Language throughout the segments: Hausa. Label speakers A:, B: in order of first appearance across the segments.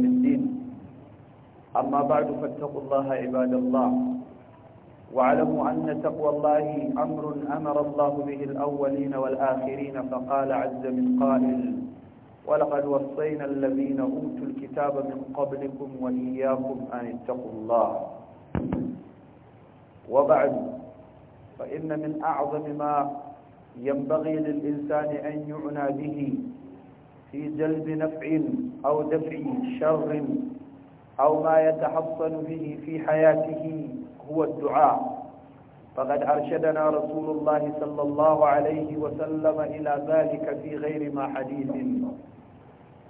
A: في الدين أما بعد فاتقوا الله عباد الله واعلموا أن تقوى الله أمر أمر الله به الأولين والآخرين فقال عز من قائل ولقد وصينا الذين أوتوا الكتاب من قبلكم وإياكم أن اتقوا الله وبعد فإن من أعظم ما ينبغي للإنسان أن يعنى به في جلب نفع أو دفع شر أو ما يتحصن به في حياته هو الدعاء فقد أرشدنا رسول الله صلى الله عليه وسلم إلى ذلك في غير ما حديث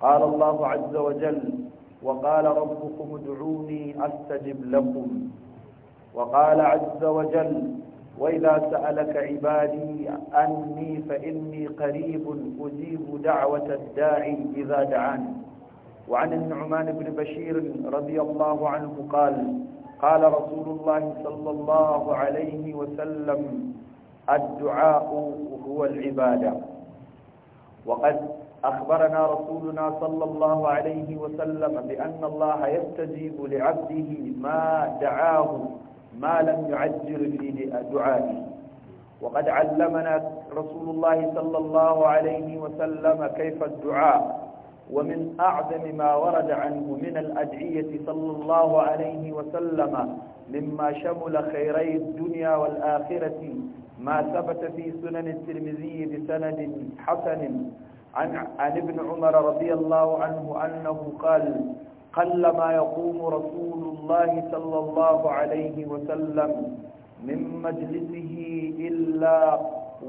A: قال الله عز وجل وقال ربكم ادعوني أستجب لكم وقال عز وجل وإذا سألك عبادي أني فإني قريب أجيب دعوة الداعي إذا دعاني وعن النعمان بن بشير رضي الله عنه قال قال رسول الله صلى الله عليه وسلم الدعاء هو العبادة وقد أخبرنا رسولنا صلى الله عليه وسلم بأن الله يستجيب لعبده ما دعاه ما لم يعجل في دعائه وقد علمنا رسول الله صلى الله عليه وسلم كيف الدعاء ومن أعظم ما ورد عنه من الأدعية صلى الله عليه وسلم مما شمل خيري الدنيا والآخرة ما ثبت في سنن الترمذي بسند حسن عن, عن ابن عمر رضي الله عنه أنه قال قلما يقوم رسول الله صلى الله عليه وسلم من مجلسه إلا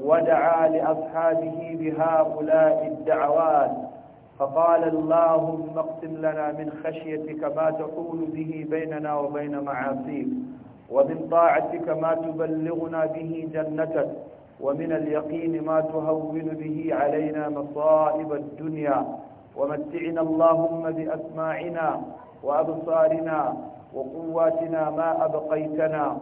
A: ودعا لأصحابه بهؤلاء الدعوات فقال اللهم اقسم لنا من خشيتك ما تقول به بيننا وبين معاصيك ومن طاعتك ما تبلغنا به جنتك ومن اليقين ما تهون به علينا مصائب الدنيا ومتعنا اللهم بأسماعنا وأبصارنا وقواتنا ما أبقيتنا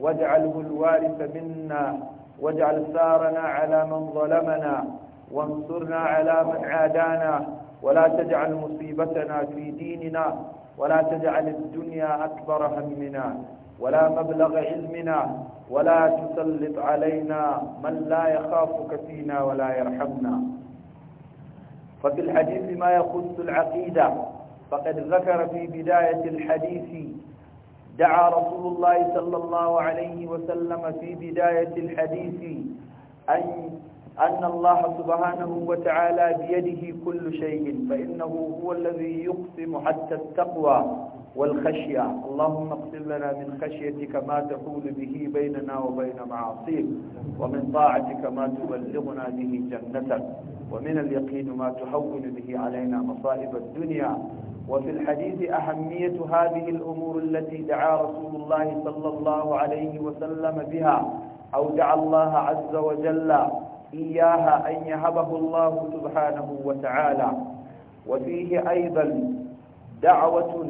A: واجعله الوارث منا واجعل ثارنا على من ظلمنا وانصرنا على من عادانا ولا تجعل مصيبتنا في ديننا ولا تجعل الدنيا أكبر همنا ولا مبلغ علمنا ولا تسلط علينا من لا يخافك فينا ولا يرحمنا ففي الحديث ما يخص العقيدة فقد ذكر في بداية الحديث دعا رسول الله صلى الله عليه وسلم في بداية الحديث أن أن الله سبحانه وتعالى بيده كل شيء فإنه هو الذي يقسم حتى التقوى والخشية اللهم اقسم لنا من خشيتك ما تحول به بيننا وبين معاصيك ومن طاعتك ما تبلغنا به جنتك ومن اليقين ما تحول به علينا مصائب الدنيا وفي الحديث أهمية هذه الأمور التي دعا رسول الله صلى الله عليه وسلم بها أو دعا الله عز وجل إياها أن يهبه الله سبحانه وتعالى وفيه أيضا دعوة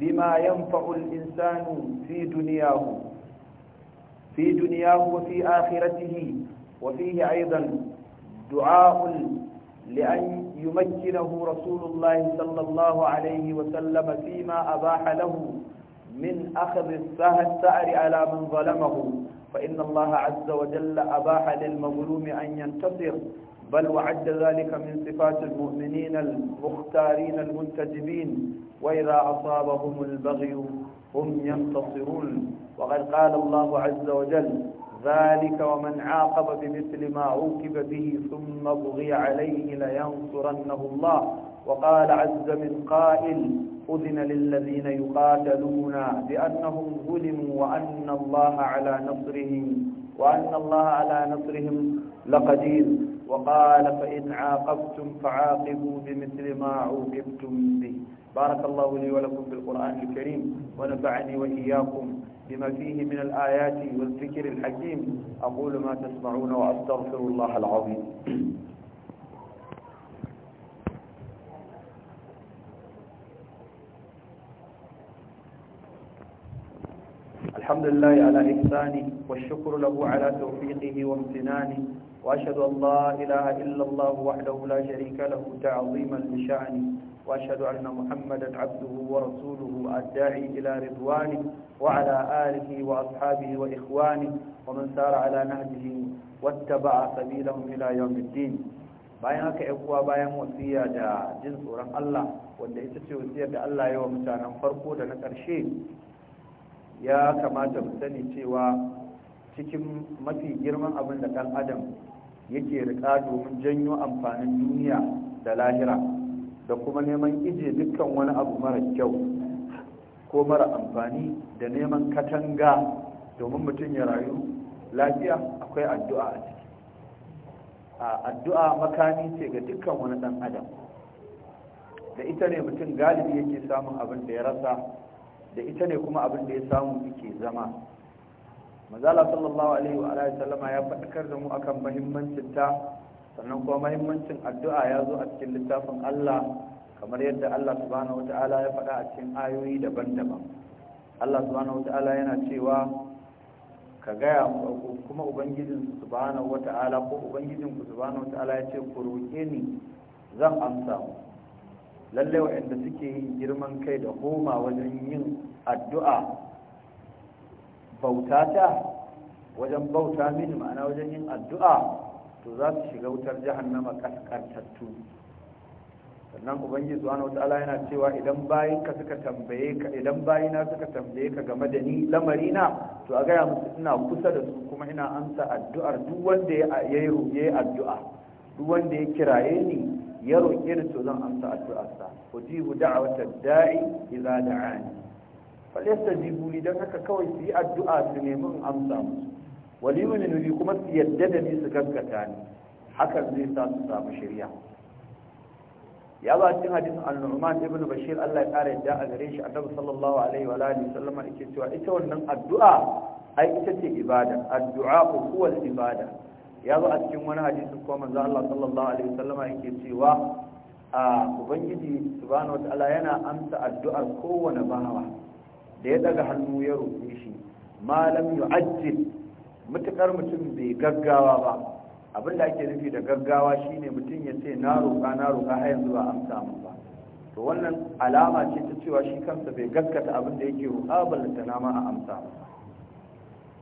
A: بما ينفع الإنسان في دنياه في دنياه وفي آخرته وفيه أيضا دعاء لأن يمكنه رسول الله صلى الله عليه وسلم فيما أباح له من أخذ السعر على من ظلمه فإن الله عز وجل أباح للمظلوم أن ينتصر بل وعد ذلك من صفات المؤمنين المختارين المنتجبين وإذا أصابهم البغي هم ينتصرون وقد قال الله عز وجل ذلك ومن عاقب بمثل ما عوقب به ثم بغي عليه لينصرنه الله وقال عز من قائل أذن للذين يقاتلون بأنهم ظلموا وأن الله على نصرهم وأن الله على نصرهم لقدير وقال فإن عاقبتم فعاقبوا بمثل ما عوقبتم به بارك الله لي ولكم في القرآن الكريم ونفعني وإياكم بما فيه من الآيات والذكر الحكيم أقول ما تسمعون وأستغفر الله العظيم الحمد لله على إحسانه والشكر له على توفيقه وامتنانه وأشهد أن لا إله إلا الله وحده لا شريك له تعظيما لشأنه وأشهد أن محمدا عبده ورسوله الداعي إلى رضوانه وعلى آله وأصحابه وإخوانه ومن سار على نهجه واتبع سبيلهم إلى يوم الدين bayan haka ya uwa bayan wasiya da jin tsoron Allah wanda ita ce wasiyar da Allah ya wa mutanen farko da na ƙarshe ya kamata mu sani cewa cikin mafi girman abin da ɗan adam yake riƙa domin janyo amfanin duniya da lahira da kuma neman ije dukkan wani abu mara kyau ko mara amfani da neman katanga domin mutum ya rayu lafiya akwai addu'a a ciki addu'a makami ce ga dukkan wani dan adam da ita ne mutum galibi yake samun abin da ya rasa da ita ne kuma abin da ya samu yake zama mazala sallallahu alaihi wa sallama ya faɗakar da mu akan muhimmancin ta sannan kuma mahimmancin addu'a ya zo a cikin littafin Allah kamar yadda Allah subhanahu wata'ala ya faɗa a cikin ayoyi daban-daban Allah subhanahu wata'ala yana cewa ka gaya ku. kuma ubangijin subhanahu wata'ala ko ubangijin ku subhanahu wata'ala ya ce ku roƙe ni zan amsa mu lalle wa'inda suke yin girman kai da homa wajen yin addu'a bautata wajen bauta mini ma'ana wajen yin addu'a to za su shiga wutar jahannama kaskantattu sannan ubangiji subhanahu wataala yana cewa idan bayinka suka tambaye ka idan bayina suka tambaye ka game da ni lamari na to a gaya musu ina kusa da su kuma ina amsa addu'ar duk wanda ya yi addu'a duk wanda ya kiraye ni ya roƙe ni to zan amsa addu'arsa ujibu wata da'i idza da'ani falyastajibu li dan haka kawai su yi addu'a su nemi in amsa musu wani yuminu bi kuma su yadda da ni su gaskata ni hakan zai sa su samu shari'a ya ba cikin hadisin al-Nu'man ibn Bashir Allah ya kare yadda a gare shi Annabi sallallahu alaihi wa alihi sallama yake cewa ita wannan addu'a ai ita ce ibada addu'a huwa ibada ya ba a cikin wani hadisi ko manzo Allah sallallahu alaihi wa sallama yake cewa a ubangiji subhanahu wataala yana amsa addu'ar kowane bawa da ya daga hannu ya roƙe shi ma lam yu'ajjil mutukar mutum bai gaggawa ba abin da ake nufi da gaggawa shine mutum ya ce na roƙa na roƙa har yanzu ba amsa mun ba to wannan alama ce ta cewa shi kansa bai gaskata abin da yake roƙa ballanta na ma a amsa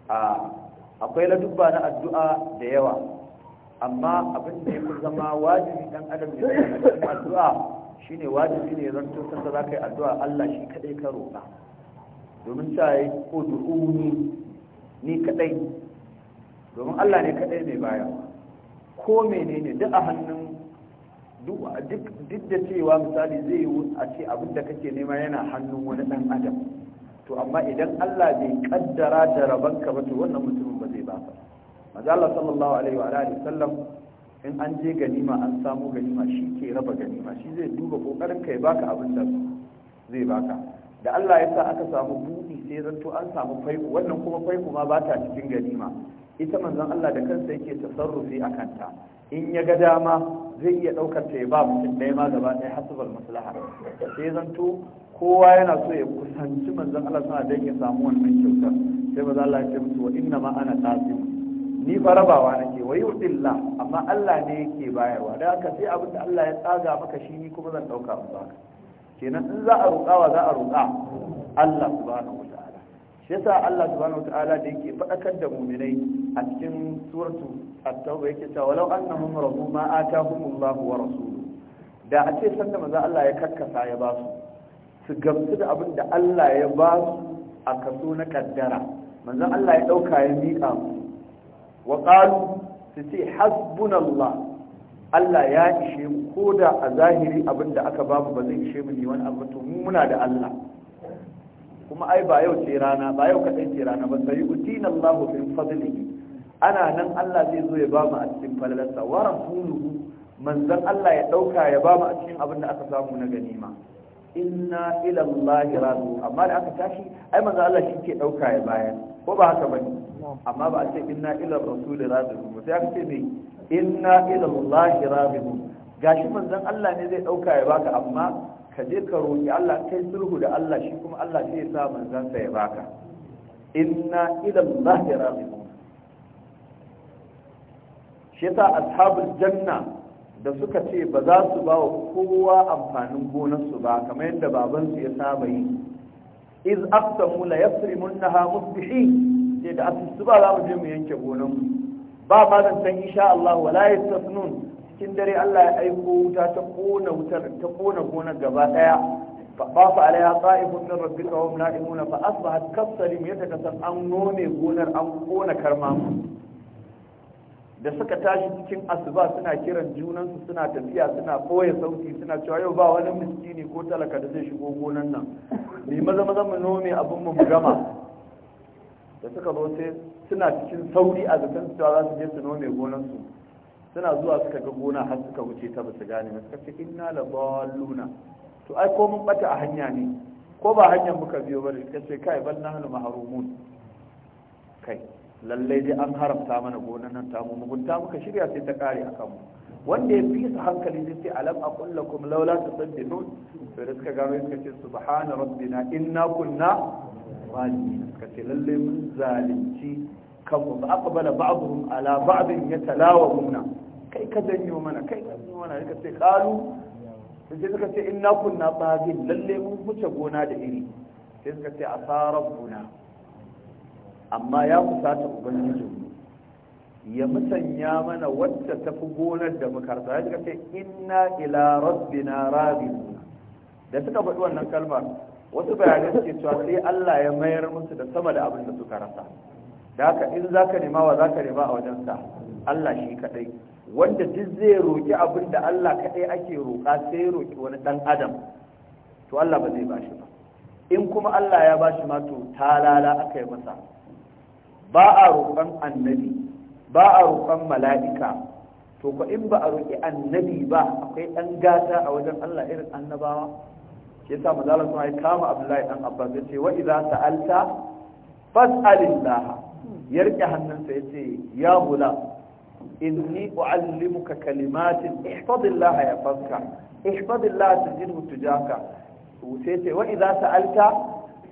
A: a akwai ladubba na addu'a da yawa amma abin da ya fi zama wajibi dan adam ya yi addu'a shine wajibi ne zan to sanda za ka yi addu'a Allah shi kadai ka roƙa domin ta yi ko du'uni ni kadai domin Allah ne kadai mai baya ko menene duk a hannun duk da cewa misali zai yi a ce abin da kake nema yana hannun wani dan adam to amma idan Allah bai kaddara da ka ba to wannan mutumin ba zai baka maza Allah sallallahu alaihi wa alihi sallam in an je ganima an samu ganima shi ke raba ganima shi zai duba kokarin kai baka abin da zai baka da Allah ya sa aka samu buɗi sai zanto an samu faiku wannan kuma faiku ma ba ta cikin ganima ita manzon Allah da kansa yake tasarrufi a kanta in ya ga dama zai iya ɗaukar ta ya ba mutum ɗaya ma gaba ɗaya hasubar maslaha sai zanto kowa yana so ya kusanci manzon Allah suna da ya samu wannan kyautar sai ba za Allah ya ce musu wa inna ma ana qasim ni fa rabawa nake wa yudilla amma Allah ne yake bayarwa da haka sai abin da Allah ya tsaga maka shi ni kuma zan ɗauka in kenan in za a roƙa wa za a roƙa Allah subhanahu shi yasa Allah subhanahu wataala da yake fadakar da mu'minai a cikin suratu at-tauba yake cewa walau annahum rabu ma atahumullahu wa rasuluhu da a ce sanda maza Allah ya karkasa ya ba su su gamsu da abin da Allah ya ba su a kaso na kaddara manzo Allah ya dauka ya miƙa mu wa qalu su ce hasbunallah Allah ya ishe mu koda a zahiri abin da aka babu ba zai ishe mu ni wani abu to mu muna da Allah kuma ai ba yau ce rana ba yau kaɗai ce rana ba sai utina Allahu min fadlihi ana nan Allah zai zo ya ba mu a cikin falalarsa wa rasuluhu manzon Allah ya dauka ya ba mu a cikin abin da aka samu na ganima inna ila Allah razu amma da aka tashi ai manzon Allah shi ke dauka ya bayar ko ba haka bane amma ba a ce inna ila rasul razu ba sai aka ce ne inna ila Allah razu gashi manzon Allah ne zai dauka ya baka amma ka je ka roƙi Allah kai sulhu da Allah shi kuma Allah shi ya sa manzansa ya baka inna ila Allah rajiun shi yasa ashabul janna da suka ce ba za su ba wa kowa amfanin gonarsu ba kamar yadda babansu ya saba yi iz aqsamu la yasrimunha musbihin sai da asu ba za mu je mu yanke gonar mu ba ma zan san insha Allah wala yastasnun cikin dare Allah ya aiko wuta ta kona wutar ta kona gona gaba daya fa qafa alaiha qa'ifun min rabbika wa hum na'imuna fa asbahat kasalim yatakasar an none gonar an kona karma da suka tashi cikin asuba suna kiran junansu suna tafiya suna koya sauti suna cewa yau ba wani miskini ko talaka da zai shigo gonan nan mai maza maza mu nome abin mu gama da suka zo sai suna cikin sauri a zaton cewa za su je su nome gonan su suna zuwa suka ga gona har suka wuce ta ba gane ba suka ce inna la dalluna to ai ko mun bata a hanya ne ko ba hanyar muka biyo ba suka ce kai bal nahnu maharumun kai lallai dai an haramta mana gonan nan ta mu mugunta muka shirya sai ta kare a kanmu wanda ya fi su hankali zai ce alam kulla kuma laula ta tusabbihun to da suka gano suka ce subhana rabbina inna kunna zalimin suka ce lalle mun zalunci kanmu ba aqbala ba'dhum ala ba'dhin yatalawamuna kai ka danyo mana kai ka danyo mana ka ce qalu sai suka ce inna kunna bagin lalle mun huce gona da iri sai suka ce asa rabbuna amma ya kusata ubangijinmu ya musanya mana wacce ta fi gonar da muka rasa ya suka ce inna ila rabbina rabiuna da suka faɗi wannan kalmar wasu bayanai suke cewa sai Allah ya mayar musu da sama da abin da suka rasa da in za ka nema wa za ka nema a wajensa Allah shi kadai wanda duk zai roƙi abin da Allah kadai ake roƙa sai ya roƙi wani ɗan adam to Allah ba zai ba shi ba in kuma Allah ya ba shi ma to talala aka yi masa ba a roƙon annabi ba a roƙon mala'ika to ko in ba a roƙi annabi ba akwai ɗan gata a wajen Allah irin annabawa shi sa manzo Allah ya kama Abdullahi dan Abbas ya ce wa idza ta'alta fas'alillah ya rike hannunsa ya ce ya hula inni u'allimuka kalimatin ihfadillah ya faska ihfadillah tajidhu tujaka sai ce wani za ta idza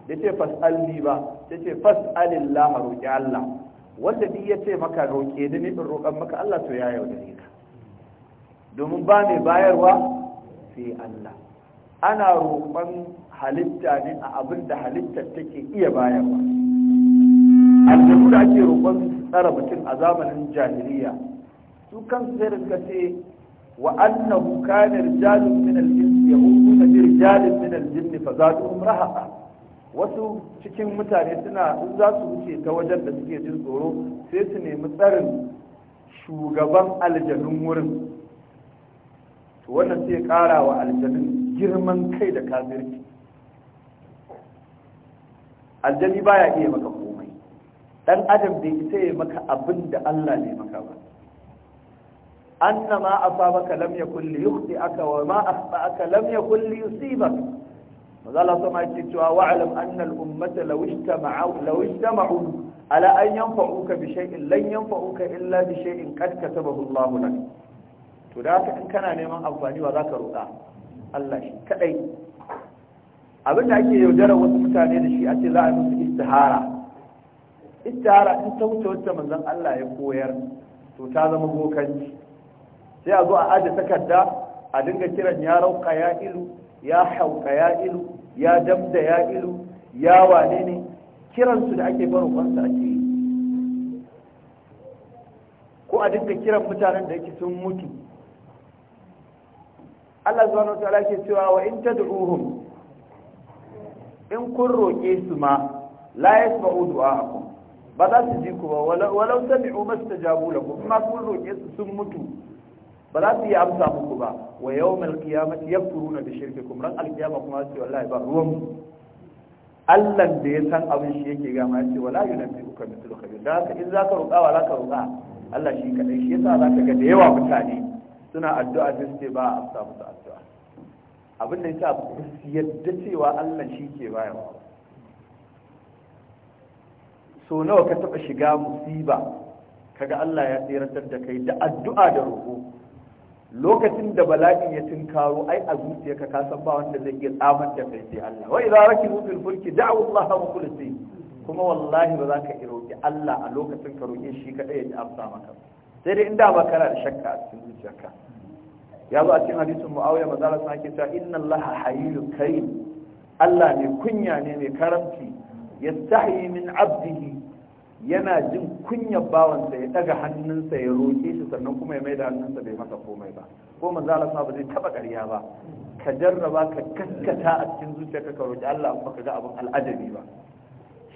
A: ya ce fasalli ba yace fas'alillah roki Allah wanda duk ce maka roke ni ne in roƙan maka Allah to ya yaudare ka domin ba mai bayarwa sai Allah ana roƙon halitta ne a abin da halittar take iya bayarwa aljanu da ake roƙon su tsara mutum a zamanin jahiliya su kansu sai da suka ce wa annahu kana jalin min al-ins yahuduna bi rijalin min al-jinn fa zaduhum rahaqa wasu cikin mutane suna in za su wuce ta wajen da suke jin tsoro sai su nemi tsarin shugaban aljanun wurin to wannan sai kara wa aljanun girman kai da kafirci aljani baya iya maka dan adam bai isa ya maka abin da Allah ne maka ba anna ma asabaka lam yakul li yukhti'aka wa ma akhta'aka lam yakul li yusibaka maza Allah sama yake cewa wa'lam anna al-ummata law ijtama'u law ijtama'u ala an yanfa'uka bi shay'in lan yanfa'uka illa bi shay'in qad katabahu Allah lak to da haka in kana neman amfani wa zaka roƙa Allah shi kadai abinda ake yaudarar wasu mutane da shi a ce za a yi musu istihara istihara in ta wuce wacce manzon Allah ya koyar to ta zama bokanci sai a zo a aje takarda a dinga kiran ya rauka ya ilu ya hauka ya ilu ya damda ya ilu ya wane ne kiransu da ake barin kwansa ake yi ko a dinga kiran mutanen da yake sun mutu Allah zuwa nasu ala ke cewa wa in tad'uhum in kun roƙe su ma la yasma'u du'a'akum ba za su ji ku ba walau ta jabu da kuma kun roƙe su sun mutu ba za su yi amsa muku ba wa yawmal qiyamati yakfuruna bi na ran alqiyama kuma su wala ba ruwan allan da ya san abin shi yake ce ma yace wala biyu kan mutu da haka in za ka roƙa wa za ka roƙa Allah shi kadai shi yasa ka ga da yawa mutane suna addu'a da suke ba a amsa musu addu'a abin da sa ba su yadda cewa Allah shi ke bayarwa so nawa ka taɓa shiga musiba kaga Allah ya tsiratar da kai da addu'a da roƙo lokacin da bala'in ya tinkaro ai a zuciyarka ka san ba wanda zai iya tsamar da kai sai Allah wa idza rakibu fil fulki da'u Allah mukhlisin kuma wallahi ba za ka roki Allah a lokacin ka roke shi kaɗai ya amsa maka sai dai inda ba kana da shakka a cikin zuciyarka ya zo a cikin hadisin Muawiya manzo Allah sa cewa inna Allah hayyul karim Allah ne kunya ne mai karamci yastahi min abdihi yana jin kunyar bawansa ya daga hannunsa ya roƙe shi sannan kuma ya maida hannunsa bai masa komai ba ko manzo Allah ba zai taba ƙarya ba ka jarraba ka kaskata a cikin zuciyarka ka roƙi Allah amma ka ga abin al'ajabi ba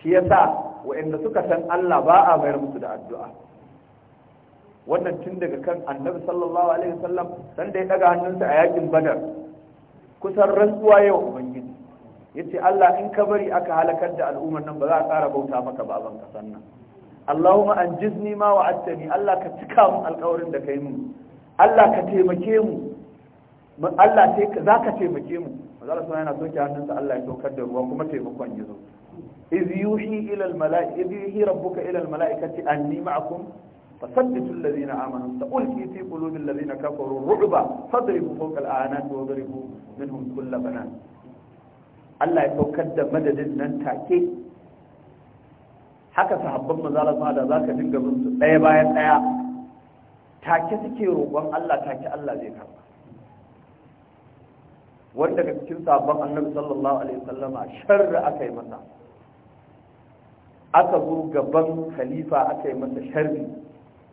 A: shi yasa waɗanda suka san Allah ba a mayar musu da addu'a wannan tun daga kan annabi sallallahu alaihi wasallam sanda ya daga hannunsa a yakin badar kusan rantsuwa yau ubangiji yace Allah in ka bari aka halakar da al'ummar nan ba za a ƙara bauta maka ba a ban kasan nan Allahumma anjizni ma wa'adtani Allah ka cika mun alƙawarin da kai mun Allah ka taimake mu Allah sai ka zaka taimake mu Allah sai yana soke hannunsa Allah ya saukar da ruwa kuma taimakon yazo iz yuhi ila al mala'i iz yuhi rabbuka ila al mala'ikati anni ma'akum فثبتوا الذين آمنوا سألقي في قلوب الذين كفروا الرعب فاضربوا فوق الأعناق واضربوا منهم كل بنان Allah ya saukar da madadin nan take haka sahabban manzala sama da ka dinga musu su ɗaya bayan ɗaya take suke roƙon Allah take Allah zai karba wanda ga cikin sahabban annabi sallallahu alaihi wasallama sharri aka yi masa aka zo gaban khalifa aka yi masa sharri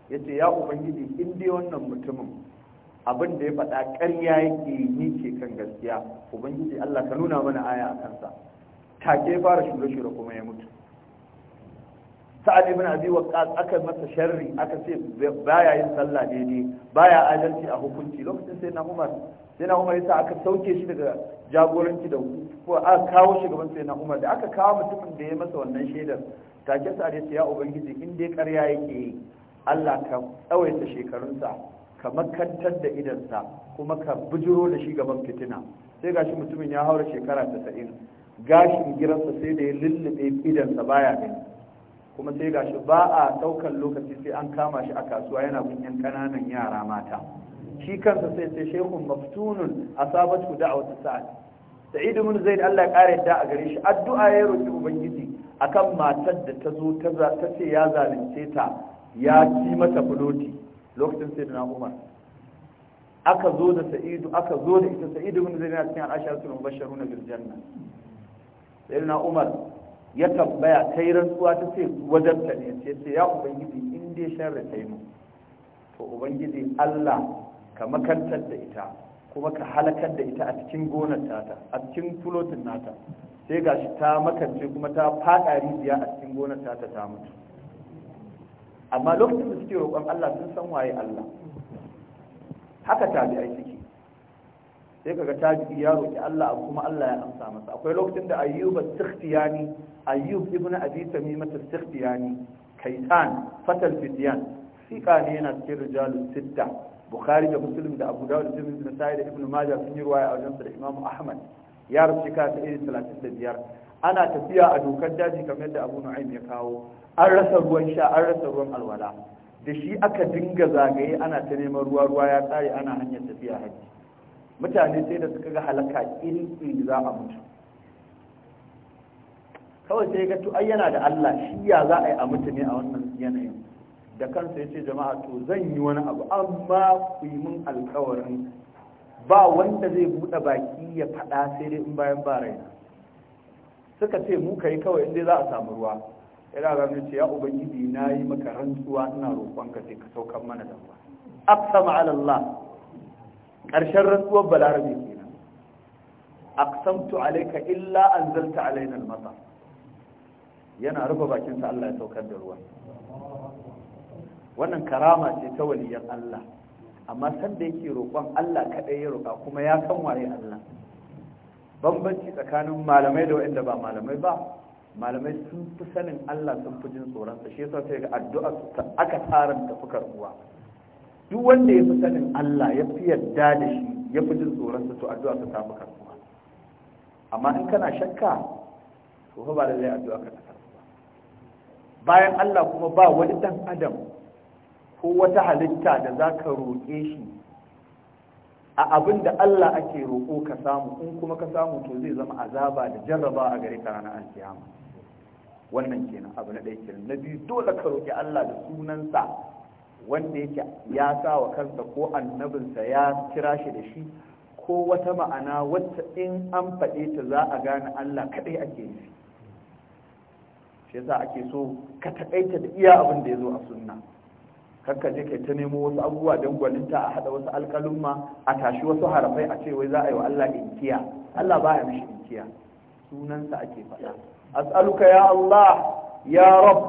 A: yace ya ubangiji in wannan mutumin abin da ya faɗa ƙarya yake ni ke kan gaskiya ubangiji Allah ka nuna mana aya a kansa take fara shure-shure kuma ya mutu sa'ad ibn abi waqqas aka masa sharri aka ce baya yin sallah daidai baya adalci a hukunci lokacin sai na Umar sai na Umar yasa aka sauke shi daga jagoranci da ko aka kawo shi gaban sai na Umar da aka kawo mutumin da ya masa wannan shaidar take sa'ad ya ce ya ubangiji in dai ƙarya yake Allah ka tsawaita shekarunsa ka makantar da idansa kuma ka bujiro da shi gaban fitina sai gashi mutumin ya haura shekara ta sa'in gashin giransa sai da ya lullube idansa baya gani kuma sai gashi ba a ɗaukan lokaci sai an kama shi a kasuwa yana kunyan kananan yara mata shi kansa sai sai shehun maftunun a wata sa'ad sa'id ibn zaid Allah ya kare yadda a gare shi addu'a ya roki ubangiji akan matar da ta zo ta ce ya zalunce ta ya ci mata buloti. lokacin sai na umar aka zo da sa'idu aka zo da ita sa'idu zai na cikin al'asharatul mubashsharuna bil janna sai na umar ya tambaya kai rantsuwa ta ce wajen ta ne sai ce ya ubangiji in dai sharri kai mu to ubangiji Allah ka makantar da ita kuma ka halakar da ita a cikin gonar tata a cikin fulotin nata sai gashi ta makance kuma ta fada rijiya a cikin gonar tata ta mutu amma lokacin da suke roƙon Allah sun san waye Allah haka tabi'ai suke sai kaga tabi'i ya roƙi Allah kuma Allah ya amsa masa akwai lokacin da ayyuba sikhtiyani ayyub ibn abi tamim sikhtiyani kaitan fatal fidyan sika ne yana cikin rijalu sitta bukhari da muslim da abu dawud da ibn sa'id da ibn majah sun yi ruwaya a wajen sa da imam ahmad ya rubuta ka ta 35 ana tafiya a dokar daji kamar yadda abu nu'aim ya kawo an rasa ruwan sha an rasa ruwan alwala da shi aka dinga zagaye ana ta neman ruwa ruwa ya tsare ana hanyar tafiya hajji mutane sai da suka ga halaka in iri za a mutu kawai sai ga to ai yana da Allah shi ya za a yi a mutu ne a wannan yanayin da kansa ya ce jama'a to zan yi wani abu amma ku yi min alkawarin ba wanda zai buɗe baki ya faɗa sai dai in bayan ba raina suka ce mu kai kawai inda za a samu ruwa yana ranar ce ya ubangiji na yi maka rantsuwa ina roƙon ka sai ka saukar mana da ruwa aqsama ala Allah ƙarshen rantsuwar balarabe kenan aqsamtu alayka illa anzalta alayna al-mata yana rufe bakin sa Allah ya saukar da ruwa wannan karama ce ta waliyan Allah amma sanda yake roƙon Allah kadai ya roƙa kuma ya san waye Allah bambanci tsakanin malamai da waɗanda ba malamai ba malamai sun fi sanin Allah sun fi jin tsoronsa shi yasa sai ga addu'a aka tsarin tafukar uwa duk wanda ya fi sanin Allah ya fi yarda da shi ya fi jin tsoronsa to addu'a ta tafi karɓuwa amma in kana shakka to fa ba lallai addu'a ka karɓuwa bayan Allah kuma ba wani dan adam ko wata halitta da za ka roƙe shi a abin da Allah ake roƙo ka samu in kuma ka samu to zai zama azaba da jarraba a gare ka ranar alkiyama wannan kenan abu na ɗaya kenan na biyu dole ka roƙi Allah da sunansa wanda yake ya sa wa kansa ko annabinsa ya kira shi da shi ko wata ma'ana wacce in an faɗe ta za a gane Allah kaɗai ake nufi shi yasa ake so ka taƙaita da iya abin da ya zo a sunna ka je kai ta nemo wasu abubuwa don gwaninta a hada wasu alkalumma a tashi wasu harafai a ce wai za a yi wa Allah inkiya Allah ya mishi inkiya sunansa ake faɗa as'aluka ya Allah ya rab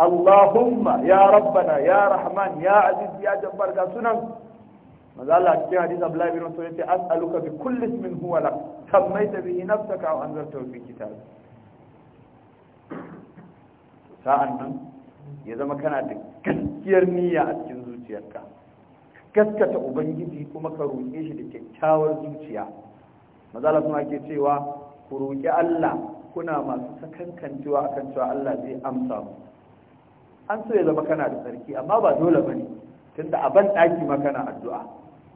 A: Allahumma ya rabbana ya rahman ya aziz ya jabbar ga sunan maza Allah cikin hadisi Abdullahi bin Mas'ud yace as'aluka bi kulli ismin huwa lak sammaita bihi nafsaka aw anzaltahu fi kitab sa'an nan ya zama kana da gaskiyar niyya a cikin zuciyarka gaskata ubangiji kuma ka roƙe shi da kyakkyawar zuciya mazala suna ke cewa ku roƙi Allah kuna masu sakankancewa akan cewa Allah zai amsa mu an so ya zama kana da sarki amma ba dole bane tunda a ban daki ma kana addu'a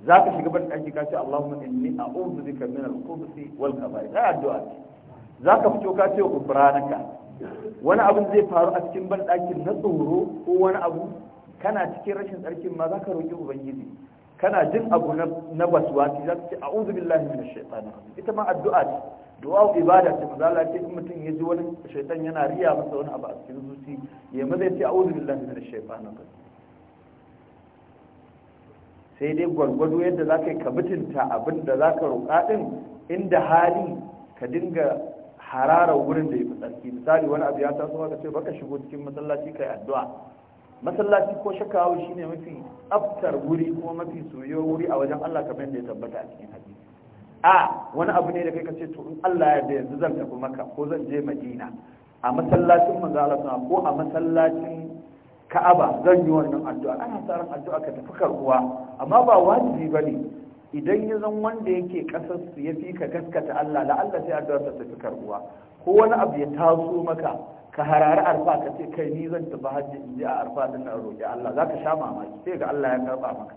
A: za ka shiga ban daki ka ce Allahumma inni a'udhu bika min al-khubuthi wal khaba'ith ai addu'a ce za ka fito ka ce gufranaka wani abu zai faru a cikin banɗakin na tsoro ko wani abu kana cikin rashin tsarkin ma za ka roƙi ubangiji kana jin abu na baswasi za ka ce a'udhu billahi minash shaitani ita ma addu'a ce du'a ibada ce za Allah ce mutum ya ji wani shaitan yana riya masa wani abu a cikin zuci ya ma zai ce a'udhu billahi minash shaitani sai dai gwargwado yadda za ka yi ka mutunta abin da za ka roƙa ɗin inda hali ka dinga hararar wurin da ya fi tsarki misali wani abu ya taso ka ce baka shigo cikin masallaci kai addu'a masallaci ko shakawu shine mafi tsaftar wuri ko mafi soyo wuri a wajen Allah kamar yadda ya tabbata a cikin hadisi a wani abu ne da kai kace to in Allah ya yarda yanzu zan tafi maka ko zan je Madina a masallacin manzo Allah ko a masallacin Ka'aba zan yi wannan addu'a ana tsaron addu'a ka tafi karkuwa amma ba wajibi bane idan ya zan wanda yake kasar ya fi ka gaskata Allah da Allah sai addu'ar ta tafi karbuwa ko wani abu ya taso maka ka harari arfa ka ce kai ni zan tafi hajji in ji a arfa din nan roƙi Allah zaka sha mamaki sai ga Allah ya karba maka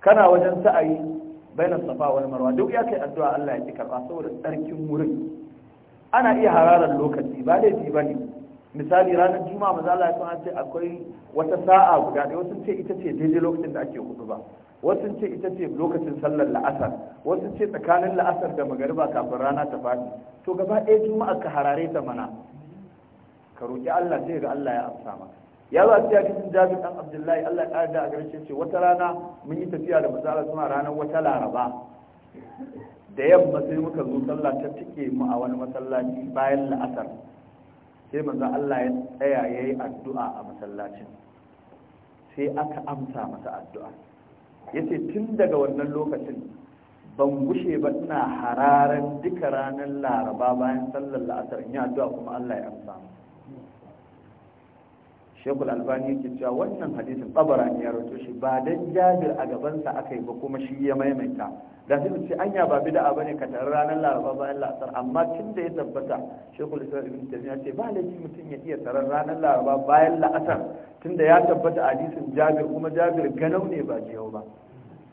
A: kana wajen sa'ayi bainas safa wal marwa duk ya kai addu'a Allah ya ki karba saboda tsarkin wurin ana iya hararar lokaci ba laifi bane misali ranar juma'a maza Allah ya ce akwai wata sa'a guda ɗaya wasu ce ita ce daidai lokacin da ake hudu ba wasu ce ita ce lokacin sallar la'asar wasu ce tsakanin la'asar da magariba kafin rana ta faɗi to gaba ɗaya juma'a ka harare ta mana ka roƙi Allah sai ga Allah ya amsa maka ya za yaki sun jabi dan abdullahi Allah ya ƙara da a garshe ce wata rana mun yi tafiya da misali suna ranar wata laraba da yamma sai muka zo sallah ta tike mu a wani masallaci bayan la'asar sai manzon Allah ya tsaya yayi addu'a a masallacin sai aka amsa masa addu'a yace tun daga wannan lokacin ban gushe ba ina hararan duka ranar laraba bayan sallar la'asar in yi addu'a kuma Allah ya amsa mu shekul albani yake cewa wannan hadisin tsabarani ya shi ba dan jabir a gabansa aka yi ba kuma shi ya maimaita da sai ce anya ba bid'a bane ka tarar ranar laraba bayan la'asar amma tun da ya tabbata shekul islam ibn taymiya ce ba laifi mutum ya iya tarar ranar laraba bayan la'asar tun da ya tabbata hadisin jabir kuma jabir ganau ne ba jiyau ba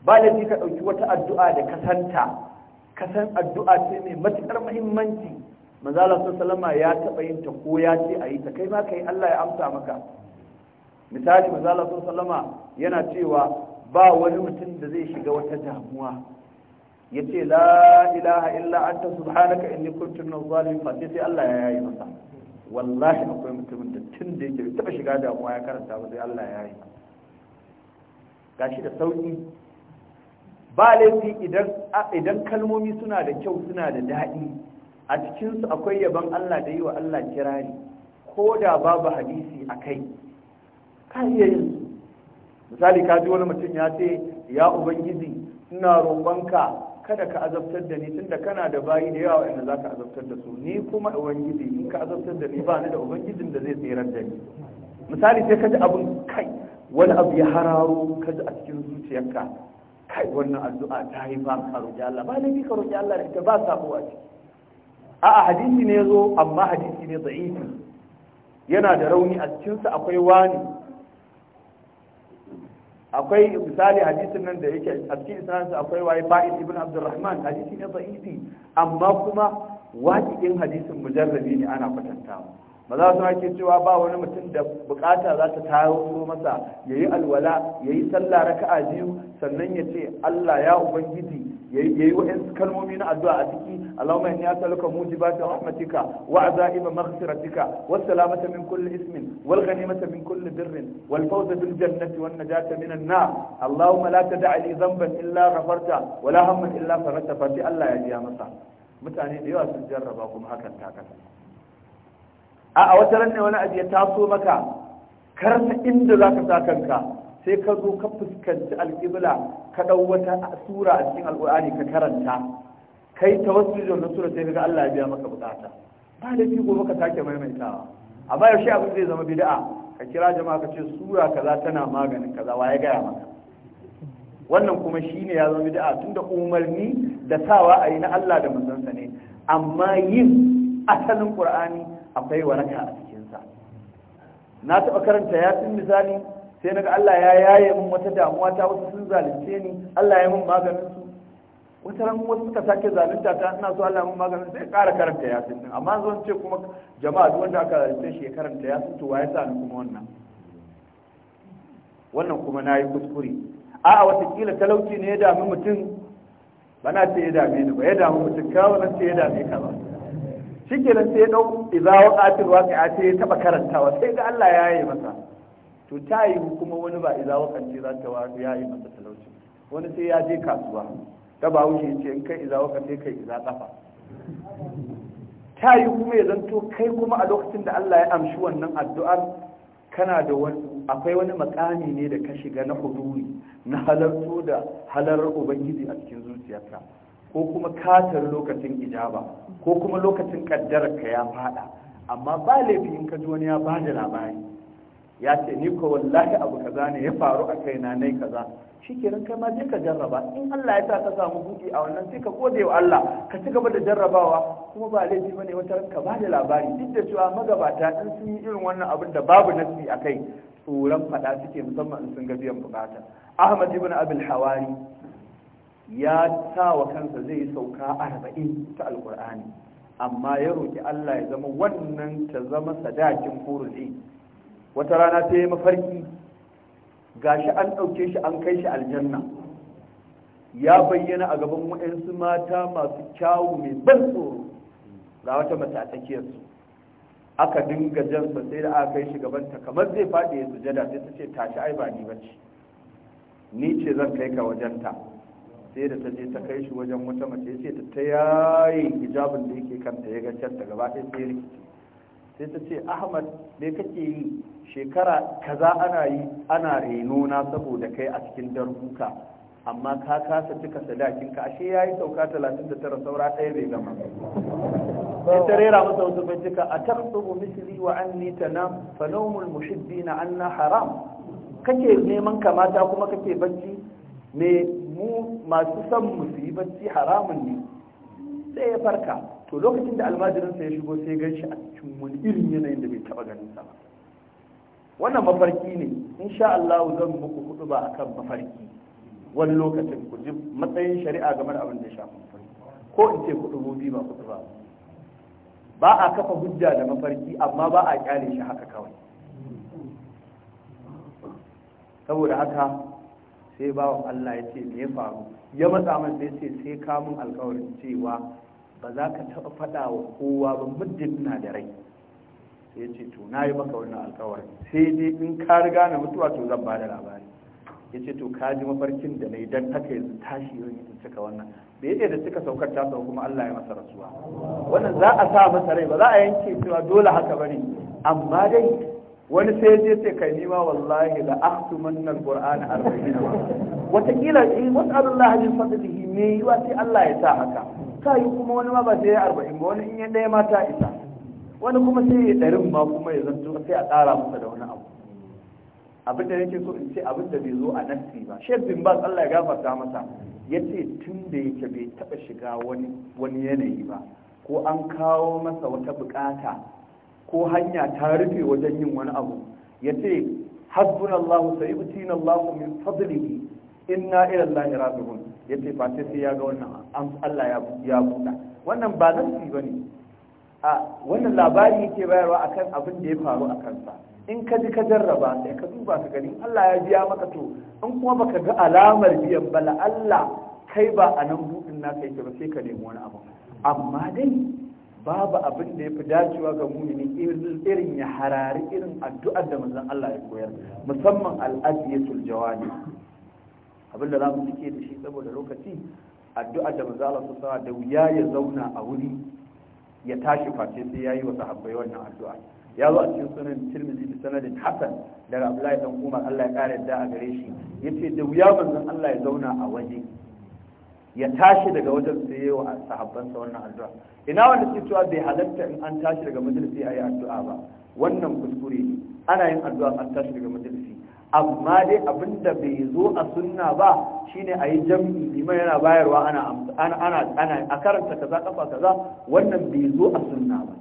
A: ba laifi ka ɗauki wata addu'a da ka kasan addu'a ce mai matuƙar muhimmanci manzala salama ya taɓa yin ta ko ya ce a yi ta kai ma ka Allah ya amsa maka misali mazala sun salama yana cewa ba wani mutum da zai shiga wata damuwa ya ce la ilaha illa anta subhanaka inni kuntu min zalimin fa sai Allah ya yayi masa wallahi akwai mutumin da tun da yake taba shiga damuwa ya karanta ba sai Allah ya yayi gashi da sauki ba laifi idan idan kalmomi suna da kyau suna da daɗi a cikinsu akwai yaban Allah da yi wa Allah kirari ko da babu hadisi a kai ka iya yin su misali ka ji wani mutum ya ce ya ubangiji ina roƙonka kada ka azabtar da ni tunda kana da bayi da yawa inda za ka azabtar da su ni kuma ubangiji in ka azabtar da ni ba ni da ubangijin da zai tsirar da ni misali sai ka ji abin kai wani abu ya hararo ka ji a cikin zuciyarka kai wannan addu'a ta yi ba ka roƙi Allah ba laifi ka roƙi Allah da ita ba sabo a a'a hadisi ne zo amma hadisi ne da'ifi yana da rauni a cikinsa akwai wani akwai misali hadisin nan da yake a cikin su akwai waye fa'id ibn abdurrahman hadisi ne da'ifi amma kuma wajibin hadisin mujarrabi ne ana kwatanta ba za su ake cewa ba wani mutum da bukata za ta taso masa ya yi alwala ya yi sallah raka'a biyu sannan ya ce allah ya ubangiji yayi wa'in kalmomi na addu'a a ciki Allahumma inni as'aluka mujibata rahmatika wa azaima maghfiratika wa salamata min kulli ismin wal ghanimata min kulli birrin wal fawza bil jannati wan najata minan nar Allahumma la tad'a li dhanban illa ghafarta wa la hamman illa farajta fa Allah ya biya masa mutane da yawa sun jarraba kuma hakan ta kasa a a wata ran wani abu ya taso maka karsa inda zaka sa kanka sai ka zo ka fuskanci alƙibla ka ɗau wata sura a cikin alƙur'ani ka karanta kai tawassuli da wannan sura sai ga Allah ya biya maka buƙata. ba da fi gobe ka sake maimaitawa amma yaushe abin zai zama bida'a? ka kira jama'a ka ce sura kaza tana maganin kaza wa ya gaya maka wannan kuma shine ya zama bid'a tunda umarni da sawa a yi na Allah da manzansa ne amma yin asalin ƙur'ani akwai waraka a cikinsa na taɓa karanta yasin misali sai naga Allah ya yaye min wata damuwa ta wasu sun zalunce ni Allah ya min maganin su wata ran wasu suka sake zalunta ta ina so Allah min maganin sai ƙara karanta yasin din amma zan ce kuma jama'a duk wanda aka zalunce shi ya karanta yasin to waye sa ni kuma wannan wannan kuma nayi kuskure a'a watakila talauci ne ya dami mutum ba na ce ya dame ni ba ya dami mutum kawo nan ce ya dame ka ba shi kenan sai ya ɗau izawa ƙatin waƙi a ce ya taɓa karantawa sai ga Allah ya yaye masa to ta yi kuma wani ba iza wakance za ta wato ya yi masa talauci wani sai ya je kasuwa ta ba wuce ce in kai iza wakance kai iza kafa ta yi kuma ya zanto kai kuma a lokacin da Allah ya amshi wannan addu'ar kana da wani akwai wani makami ne da ka shiga na huduri na halarto da halarar ubangiji a cikin zuciyarka ko kuma katar lokacin ijaba ko kuma lokacin kaddarar ka ya fada amma ba in ka ji wani ya bada labari ya ce ni ko wallahi abu kaza ne ya faru a kai na nai kaza shikenan kai ma je ka jarraba in Allah ya sa ka samu buɗi a wannan sai ka gode wa Allah ka ci gaba da jarrabawa kuma ba laifi bane wata ranka ba da labari duk da cewa magabata in sun yi irin wannan abin da babu nasi a kai tsoron faɗa suke musamman in sun ga biyan bukata Ahmad ibn Abil Hawari ya sa wa kansa zai yi sauka arba'in ta alkur'ani amma ya roki Allah ya zama wannan ta zama sadakin furuzi wata rana sai ya mafarki gashi an ɗauke shi an kai shi aljanna ya bayyana a gaban waɗansu mata masu kyawu mai ban tsoro ga wata mata a tsakiyarsu aka dinga jansa sai da aka kai shi gabanta kamar zai faɗi ya sujada sai ta ce tashi ai ba ni ce ni ce zan kai ka wajenta sai da ta je ta kai shi wajen wata mace sai ta ta yaye hijabin da yake kanta ya ga ta gaba ɗaya sai rikici sai ta ce ahmad me kake yi shekara kaza ana yi ana reno na saboda kai a cikin darbuka amma ka kasa cika sadakin ka ashe ya yi sauka 39 saura ɗaya bai gama sai ta rera masa wasu cika a takhtubu misli wa anni tanam fa nawmul mushibbina anna haram kake neman kamata kuma kake bacci me mu masu san musu yi bacci haramun ne sai ya farka to lokacin da almajirinsa ya shigo sai gan shi a cikin wani irin yanayin da bai taba ganin sa ba wannan mafarki ne insha Allah zan muku hudu ba akan mafarki wani lokacin ku ji matsayin shari'a game da abin da ya shafi mafarki ko in ce kudu ba ku ba ba a kafa hujja da mafarki amma ba a kyale shi haka kawai saboda haka sai bawan Allah ya ce me ya faru ya matsa man sai ce sai kamun alkawarin cewa ba za ka taɓa faɗa wa kowa ba muddin ina da rai sai ya ce to na yi maka wannan alkawari sai dai in ka riga na mutuwa to zan ba da labari ya ce to ka ji mafarkin da na yi don haka yanzu tashi yin in cika wannan da yadda da suka saukar ta sau kuma Allah ya masa rasuwa wannan za a sa masa rai ba za a yanke cewa dole haka bane amma dai wani sai je sai kai nima wallahi la man alquran arba'ina wa kila in wasallallahu min fadlihi me yiwa sai Allah ya sa haka ka yi kuma wani ma ba sai ya arba'in ba wani in ya ɗaya mata isa wani kuma sai ya ɗarin ma kuma ya zanto sai a ƙara masa da wani abu abin da yake so in ce abin da bai zo a nassi ba shek bin ba Allah ya gafarta masa ya ce tun da yake bai taɓa shiga wani yanayi ba ko an kawo masa wata bukata ko hanya ta rufe wajen yin wani abu ya ce hasbunallahu sai utinallahu min fadlihi inna ila Allahi yace ce ba sai ya ga wannan Allah ya buɗa wannan ba zan ba ne a wannan labari yake bayarwa akan abin da ya faru a kansa in ka ji ka jarraba sai ka duba ka gani Allah ya biya maka to in kuma baka ga alamar biyan bala Allah kai ba a nan buɗin naka yake ba sai ka nemi wani abu amma dai babu abin da ya fi dacewa ga mumini irin ya harari irin addu'ar da manzon Allah ya koyar musamman al-ajiyatul jawani abinda za mu cike da shi saboda lokaci addu'a da manzo Allah sallallahu da wuya ya zauna a wuri ya tashi face sai yayi wa sahabbai wannan addu'a ya zo a cikin sunan Tirmidhi da sanadin Hasan daga Abdullahi dan Umar Allah ya kare da a gare shi yace da wuya manzo Allah ya zauna a waje ya tashi daga wajen sai yayi wa sahabbansa wannan addu'a ina wanda ke cewa bai halatta in an tashi daga majalisi ayi addu'a ba wannan kuskure ana yin addu'a an tashi daga majalisi amma dai abinda bai zo a sunna ba shine ayi yi jam'i liman yana bayarwa ana ana ana a karanta kaza kafa kaza wannan bai zo a sunna ba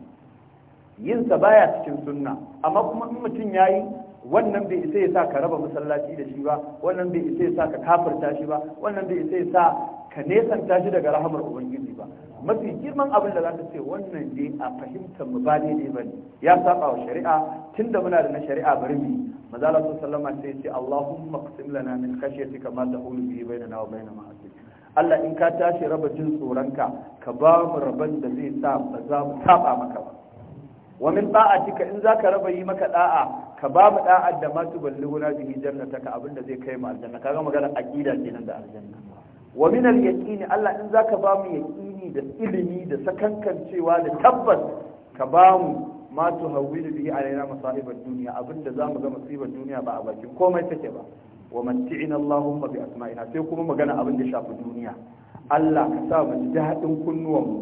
A: yin sa baya cikin sunna amma kuma in mutum yayi wannan bai isa ya sa ka raba masallaci da shi ba wannan bai isa ya sa ka kafirta shi ba wannan bai isa ya sa ka nesanta shi daga rahamar ubangiji ba mafi girman abin da za ka ce wannan dai a fahimtar mu ba daidai ba ne ya saba wa shari'a tunda muna da na shari'a bari mu maza Allah sallallahu alaihi sai ce Allahumma qsim lana min khashyatika ma tahulu da nawa bai na ma'asik Allah in ka tashi raba jin tsoronka ka ba mu raban da zai sa ba za mu saba maka ba wa min da'atika in zaka raba yi maka da'a ka ba mu da'ar da ma tuballighuna bihi abin da zai kai mu aljanna kaga maganar aqida nan da aljanna wa min al-yaqini Allah in zaka ba mu yaqini da ilimi da sakankancewa da tabbas ka ba mu ma tu hawwilu bihi alaina masaibat dunya abinda zamu ga masibar duniya ba a bakin komai take ba wa matti'ina allahumma bi asma'ina sai kuma magana abin da shafi duniya Allah ka sa mu daɗin kunnuwan mu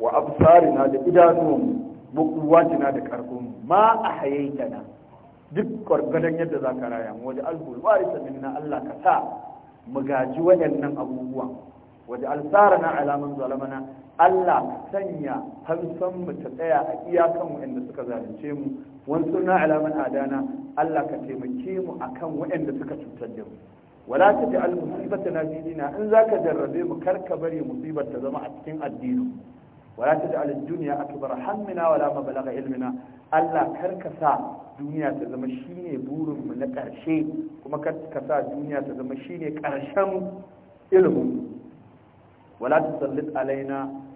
A: wa absarina da idanuwan mu buƙuwatina da karfin ma ahayaitana duk gwargwadon yadda za ka raya mu waje alhul warisa minna Allah ka sa mu gaji waɗannan abubuwan waje alsarana alaman zalamana Allah sanya harsan mu ta tsaya a iyakan waɗanda suka zalunce mu wani suna alaman adana Allah ka taimake mu akan waɗanda suka cutar da mu wala ta ji al musibata na dinina in zaka jarrabe mu kar ka bari musibar ta zama a cikin addinin wala ta ji al duniya akbar hammina wala mablagha ilmina Allah kar ka sa duniya ta zama shine burin mu na ƙarshe kuma kar ka sa duniya ta zama shine ƙarshen ilimin wala ta sallit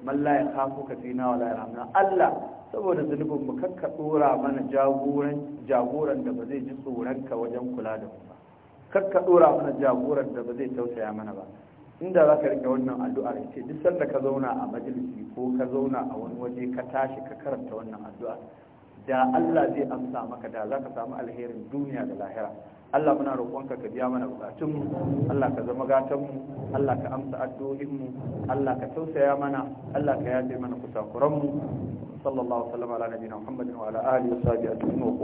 A: mallaya la yakhafu ka fina wala yarhamna Allah saboda zunubin mu kakka dora mana jagoran jagoran da ba zai ji tsoron ka wajen kula da mu ba kakka dora mana jagoran da ba zai tausaya mana ba inda za ka rike wannan addu'ar ce duk sanda ka zauna a majalisi ko ka zauna a wani waje ka tashi ka karanta wannan addu'a da Allah zai amsa maka da za ka samu alherin duniya da lahira Allah muna roƙonka ka biya mana bukatunmu Allah ka zama gatanmu Allah ka amsa addu'o'inmu Allah ka tausaya mana Allah ka yafe mana kusakuranmu sallallahu alaihi wa sallam ala nabiyina Muhammadin wa ala alihi wa sahbihi ajma'in